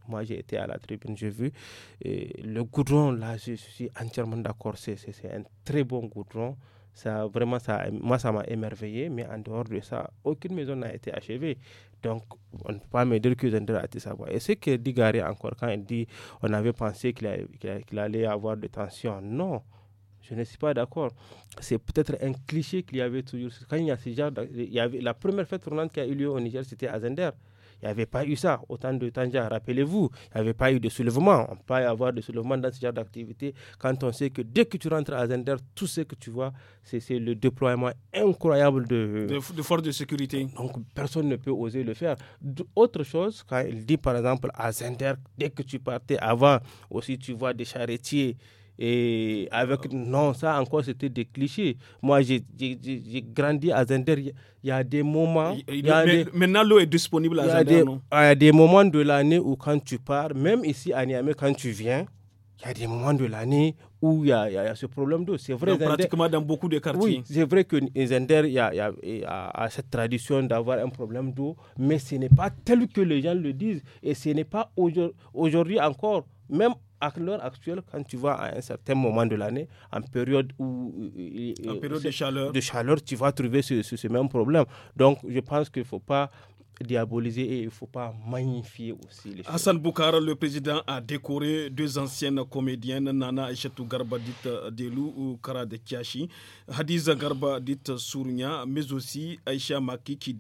Moi, j'ai été à la tribune, j'ai vu. le goudron, là, je, suis entièrement d'accord. C'est un très bon goudron. Ça, vraiment, ça, moi, ça m'a émerveillé. Mais en dehors de ça, aucune maison n'a été achevée. Donc, on ne peut pas me dire que Zender a été savoir. Et ce que dit Gary encore, quand il dit on avait pensé qu'il qu allait avoir des tensions, non. Je ne suis pas d'accord. C'est peut-être un cliché qu'il y avait toujours. Quand il y a il y avait, la première fête tournante qui a eu lieu au Niger, c'était à Zender. Il n'y avait pas eu ça autant de déjà Rappelez-vous, il n'y avait pas eu de soulèvement. On peut pas y avoir de soulèvement dans ce genre d'activité quand on sait que dès que tu rentres à Zender, tout ce que tu vois, c'est le déploiement incroyable de, de, forces de sécurité. Donc personne ne peut oser le faire. autre chose, quand il dit par exemple à Zender, dès que tu partais avant, aussi tu vois des charretiers et avec, non, ça encore, c'était des clichés. Moi, j'ai grandi à Zender. Il y a des moments. maintenant, l'eau est disponible à Zender, Il y a des moments de l'année où, quand tu pars, même ici à Niamey, quand tu viens, il y a des moments de l'année où il y, a, ce problème d'eau. C'est vrai. pratiquement dans beaucoup de quartiers. Oui, c'est vrai que Zender il y a, y a, cette tradition d'avoir un problème d'eau, mais ce n'est pas tel que les gens le disent. Et ce n'est pas aujourd'hui encore, même à l'heure actuelle, quand tu vas à un certain moment de l'année, en période où euh, euh, période de chaleur, tu vas trouver ce, ce, ce même problème. Donc, je pense qu'il ne faut pas diaboliser et il ne faut pas magnifier aussi les choses. Hassan Boukara, le président, a décoré deux anciennes comédiennes, Nana Aïcha Garba dite Delou ou Kara de Hadiza Garba dite mais aussi Aïcha Maki qui,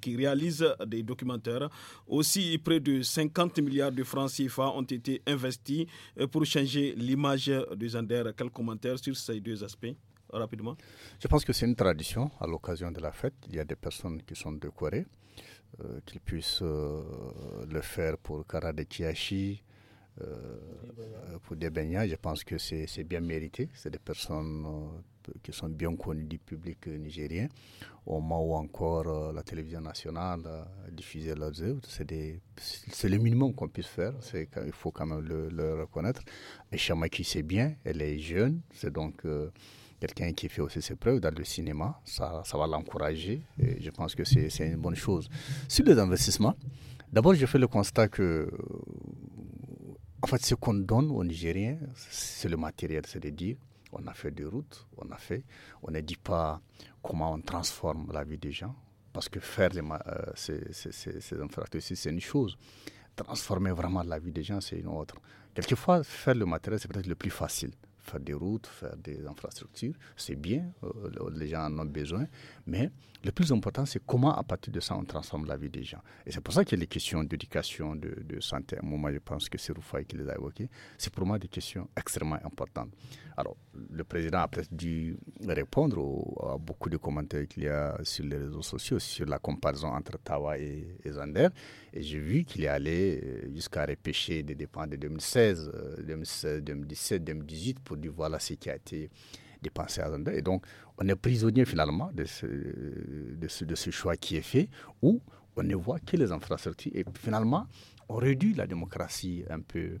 qui, réalise des documentaires. Aussi, près de 50 milliards de francs CFA ont été investis pour changer l'image de Zander. Quel commentaire sur ces deux aspects rapidement Je pense que c'est une tradition. À l'occasion de la fête, il y a des personnes qui sont décorées. Euh, qu'il puisse euh, le faire pour Kara de euh, pour Debenya. Je pense que c'est bien mérité. C'est des personnes qui sont bien connues du public nigérien. Au moment où encore la télévision nationale a diffusé leurs œuvres, c'est le minimum qu'on puisse faire. Il faut quand même le, reconnaître. Et Chamaki, c'est bien. Elle est jeune. C'est donc quelqu'un qui fait aussi ses preuves dans le cinéma, ça, ça va l'encourager. Et je pense que c'est une bonne chose. Sur les investissements, d'abord, je fais le constat que, en fait, ce qu'on donne aux Nigériens, c'est le matériel, c'est de dire, on a fait des routes, on a fait, on ne dit pas comment on transforme la vie des gens, parce que faire euh, ces, ces, ces, ces infrastructures, c'est une chose. Transformer vraiment la vie des gens, c'est une autre. Quelquefois, faire le matériel, c'est peut-être le plus facile faire des routes, faire des infrastructures, c'est bien, euh, les gens en ont besoin, mais le plus important, c'est comment à partir de ça, on transforme la vie des gens. Et c'est pour ça que les questions d'éducation, de, santé, moi je pense que c'est Roufaï qui les a évoquées, c'est pour moi des questions extrêmement importantes. Alors, le président a peut-être dû répondre à beaucoup de commentaires qu'il y a sur les réseaux sociaux, sur la comparaison entre Tawa et, Zander, et j'ai vu qu'il est allé euh, jusqu'à repêcher des dépenses de 2016, 2016, 2017, 2018, pour du voilà ce qui a été dépensé à Rwanda. Et donc, on est prisonnier finalement de ce, de de ce choix qui est fait, où on ne voit que les infrastructures. Et finalement, on réduit la démocratie un peu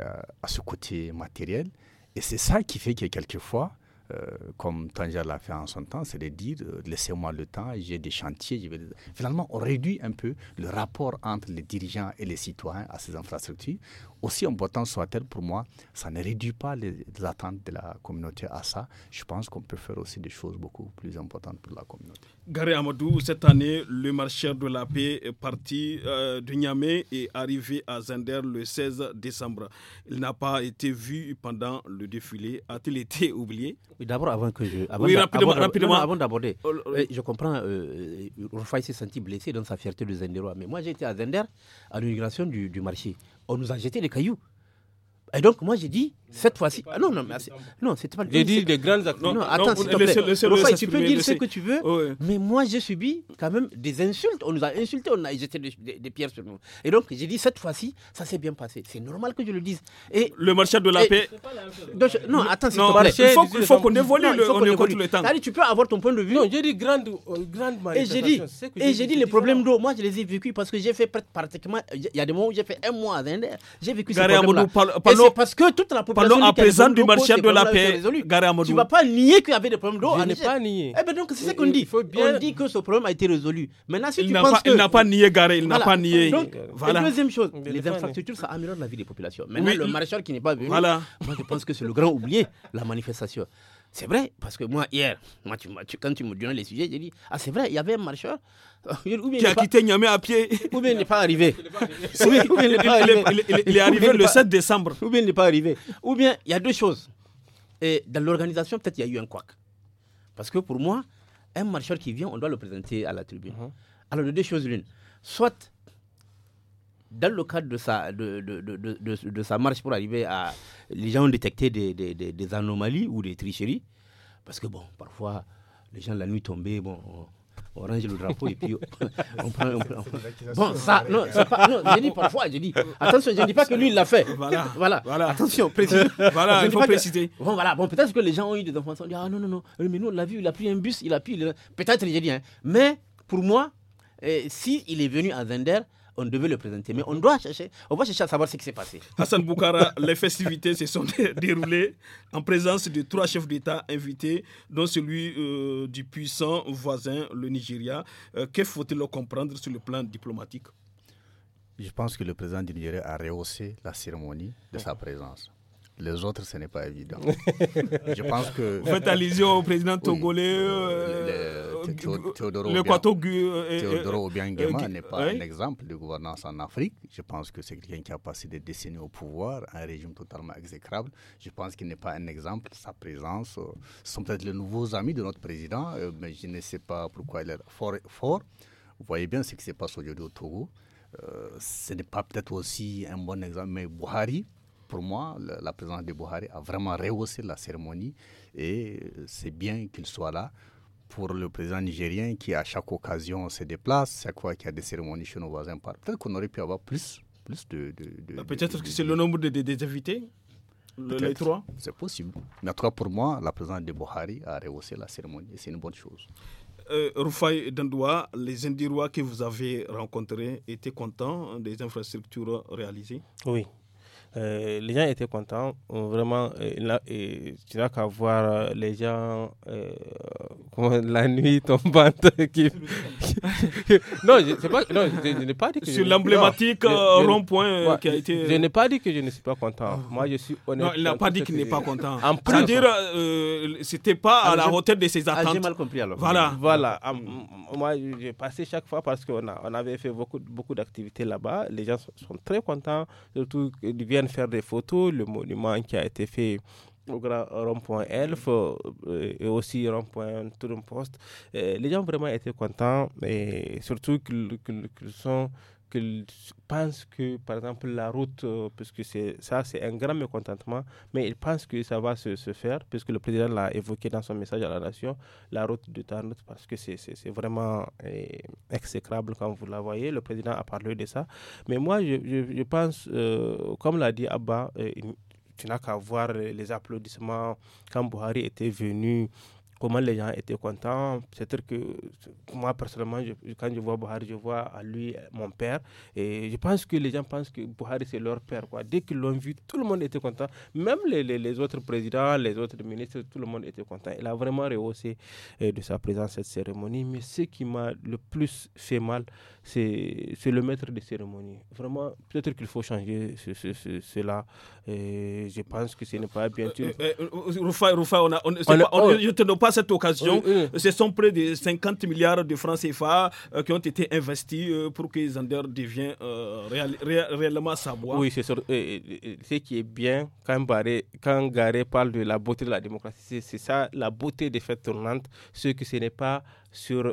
euh, à ce côté matériel. Et c'est ça qui fait que quelquefois, euh, comme Tanja l'a fait en son temps, c'est de dire euh, laissez-moi le temps, j'ai des chantiers. Finalement, on réduit un peu le rapport entre les dirigeants et les citoyens à ces infrastructures aussi important soit-elle pour moi, ça ne réduit pas les, attentes de la communauté à ça. Je pense qu'on peut faire aussi des choses beaucoup plus importantes pour la communauté. Gary Amadou, cette année, le marcheur de la paix est parti euh, de Niamey et arrivé à Zender le 16 décembre. Il n'a pas été vu pendant le défilé. A-t-il été (laughs) oublié oui, D'abord, avant que je. oui, rapidement. rapidement. d'aborder, oh, oh, oh. Euh, je comprends, euh, Rufai s'est senti blessé dans sa fierté de Zenderois. Mais moi, j'étais à Zender à l'immigration du marché on nous a jeté les cailloux. Et donc, moi, j'ai dit, cette fois-ci. Ah non, non, mais Non, c'était pas le J'ai dit des grandes actions. Non, attends, s'il te plaît. tu peux dire ce que tu veux, oh, mais moi, j'ai subi quand même des insultes. On nous a insultés, on a jeté des, pierres sur nous. Et donc, j'ai dit, cette fois-ci, ça s'est bien passé. C'est normal que je le dise. Et, le marché de la paix. non, attends, s'il te plaît. Il faut, qu'on évolue, le, on écoute le temps. tu peux avoir ton point de vue. Non, j'ai dit grande, euh, grande manifestation. Et j'ai dit, les problèmes d'eau, moi, je les ai vécus parce que j'ai fait pratiquement. Il y a des moments où j'ai fait un mois à J'ai vécu ces parce que toute la population. Parlons à présent du marché de la paix, Tu ne vas pas nier qu'il y avait des problèmes d'eau. Je n'ai pas nié. Eh ben donc, c'est ce qu'on dit. On dit que ce problème a été résolu. Maintenant, si tu penses que. Il n'a pas nié, Garé, il n'a pas nié. Donc, euh, la deuxième chose, les infrastructures, ça améliore la vie des populations. Maintenant, le maréchal qui n'est pas venu, moi, je pense que c'est le grand oublié, la manifestation. C'est vrai, parce que moi, hier, moi, quand tu me donnais les sujets, j'ai dit Ah, c'est vrai, il y avait un marcheur (laughs) qui a quitté Nyamé à pied. Ou bien il n'est pas arrivé. (laughs) Il est arrivé le 7 décembre. Ou bien il n'est pas arrivé. Ou bien il y a deux choses. Et dans l'organisation, peut-être il y a eu un couac. Parce que pour moi, un marcheur qui vient, on doit le présenter à la tribune. Uh-huh. Alors, a deux choses l'une. Soit dans le cadre de sa, de, de, de, de sa marche pour arriver à. Les gens ont détecté des, des, des, anomalies ou des tricheries. Parce que, bon, parfois, les gens, la nuit tombée, bon. On, range le drapeau et puis Bon, ça, non, c'est pas, non, je dis parfois, je dis, attention, je ne dis pas que lui, il l'a fait. Voilà, voilà, Attention, précise. Voilà, il faut préciser. bon, voilà, bon, peut-être que les gens ont eu des enfants, dit, ah non, non, non, mais nous, on l'a vu, il a pris un bus, il a pris. Peut-être, j'ai dit, hein. mais pour moi, s'il eh, si est venu à Zender, on devait le présenter. Mais on doit chercher, on va chercher à savoir ce qui s'est passé. Hassan Boukhara, (laughs) les festivités se sont déroulées en présence de trois chefs d'État invités, dont celui euh, du puissant voisin, le Nigeria. Euh, que faut-il comprendre sur le plan diplomatique Je pense que le président du Nigeria a rehaussé la cérémonie de sa présence. Les autres, ce n'est pas évident. (laughs) je pense que. Vous faites allusion au président togolais. Euh, Théodoro Obiang euh, euh, n'est pas un exemple de gouvernance en Afrique. Je pense que c'est quelqu'un qui a passé des décennies au pouvoir, un régime totalement exécrable. Je pense qu'il n'est pas un exemple. Sa présence, ce sont peut-être les nouveaux amis de notre président, mais je ne sais pas pourquoi il est fort. Vous voyez bien ce qui se passe aujourd'hui au Togo. ce n'est pas peut-être aussi un bon exemple, mais Buhari, pour moi, la, présence de Buhari a vraiment rehaussé la cérémonie et euh, c'est bien qu'il soit là pour le président nigérien qui, à chaque occasion, se déplace, chaque fois qu'il y a des cérémonies chez nos voisins. Peut-être qu'on aurait pu avoir plus, plus de... Bah, peut-être que c'est le nombre des invités les trois C'est possible. Mais en tout cas, pour moi, la présence de Buhari a rehaussé la cérémonie et c'est une bonne chose. Euh, Rufai Dandoua, les Indirois que vous avez rencontrés étaient contents des infrastructures réalisées Oui, euh, les gens étaient contents. Euh, vraiment, euh, tu n'as qu'à voir les gens (laughs) la nuit tombante. (laughs) non, je, pas, non, je, n'ai pas dit que. Sur l'emblématique rond-point qui a été. Je, n'ai pas dit que je ne suis pas content. Ah. Moi, je suis honnête. il n'a pas dit qu'il n'est pas content. en plus dire c'était pas à ah, la hauteur de ses ah, attentes. j'ai mal compris alors. Voilà. Voilà. Moi, j'ai passé chaque fois parce qu'on on avait fait beaucoup, beaucoup d'activités là-bas. Les gens sont très contents, surtout qu'ils viennent faire des photos, le monument qui a été fait au grand rond-point Elf euh, et aussi rond-point Tourne Poste. Euh, les gens vraiment été contents et surtout qu'ils sont qu'ils pense que, par exemple, la route, euh, puisque c'est ça, c'est un grand mécontentement, mais il pense que ça va se, se faire, puisque le président l'a évoqué dans son message à la nation, la route de Tarnout, parce que c'est vraiment eh, exécrable quand vous la voyez. Le président a parlé de ça. Mais moi, je, je, pense, euh, comme l'a dit Abba, euh, tu n'as qu'à voir les applaudissements quand Bouhari était venu comment les gens étaient contents. cest à que moi, personnellement, quand je vois Buhari, je vois à lui mon père. Et je pense que les gens pensent que Buhari, c'est leur père. Dès qu'ils l'ont vu, tout le monde était content. Même les, autres présidents, les autres ministres, tout le monde était content. Il a vraiment rehaussé eh, de sa présence cette cérémonie. Mais ce qui m'a le plus fait mal, c'est le maître de cérémonie. Vraiment, peut-être qu'il faut changer cela. je pense que ce n'est pas bien. Euh, euh, euh on a, oh. je te pas cette occasion, ce sont près de 50 milliards de francs CFA euh, qui ont été investis euh, pour que Zander devienne euh, réellement sa boîte. Oui, c'est sûr. ce qui est bien, quand Barré, quand Garé parle de la beauté de la démocratie, c'est ça la beauté des fêtes tournantes, ce que ce n'est pas sur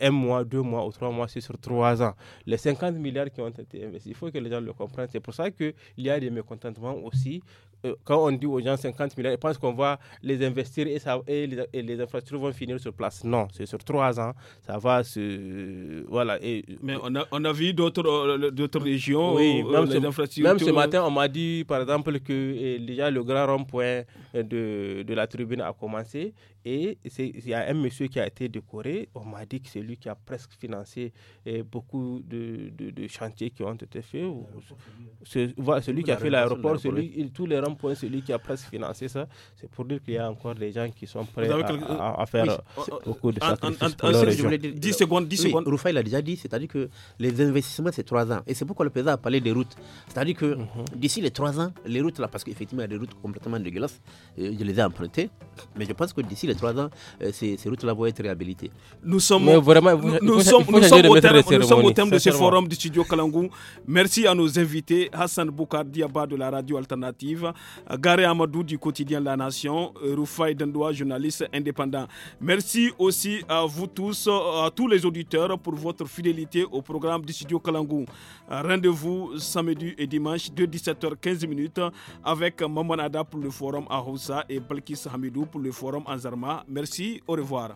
un mois, deux mois ou trois mois, c'est sur trois ans. Les 50 milliards qui ont été investis, il faut que les gens le comprennent. C'est pour ça qu'il y a des mécontentements aussi. Euh, quand on dit aux gens 50 milliards, ils pensent qu'on va les investir et, ça, et, les, infrastructures vont finir sur place. Non, c'est sur trois ans. Ça va se. voilà. Et, Mais on a, on a vu d'autres euh, régions. Euh, même, les ce, même ce matin, on m'a dit, par exemple, que eh, déjà le grand rond-point de, de la tribune a commencé et il y a un monsieur qui a été décoré. On m'a dit que c'est lui qui a presque financé eh, beaucoup de, de, chantiers qui ont été faits. celui qui a fait l'aéroport, celui, tous les ronds-points, celui qui a presque financé ça. C'est pour dire qu'il y a encore des gens qui sont prêts à, faire beaucoup de sacrifices. 10 secondes, 10 secondes. Rufai l'a déjà dit, c'est-à-dire que les investissements, c'est 3 ans. Et c'est pourquoi le président a parlé des routes. C'est-à-dire que mhm. d'ici les 3 ans, les routes là, parce qu'effectivement, il y a des routes complètement dégueulasses, euh, je les ai empruntés. Mais je pense que d'ici les trois ans, euh, ces, routes-là vont être réhabilitées. Nous sommes, nous, au terme, de ce forum du studio Kalangou. Merci à nos invités, Hassan Boukardi Diaba de la radio alternative, Garé Amadou du quotidien La Nation, Rufai Dendoua, journaliste indépendant. Merci aussi à vous tous, à tous les auditeurs pour votre fidélité au programme du studio Kalangou. Rendez-vous samedi et dimanche de 17h15 avec Maman Ada pour le forum à ça et Balkis Hamidou pour le forum Anzarma. Merci, au revoir.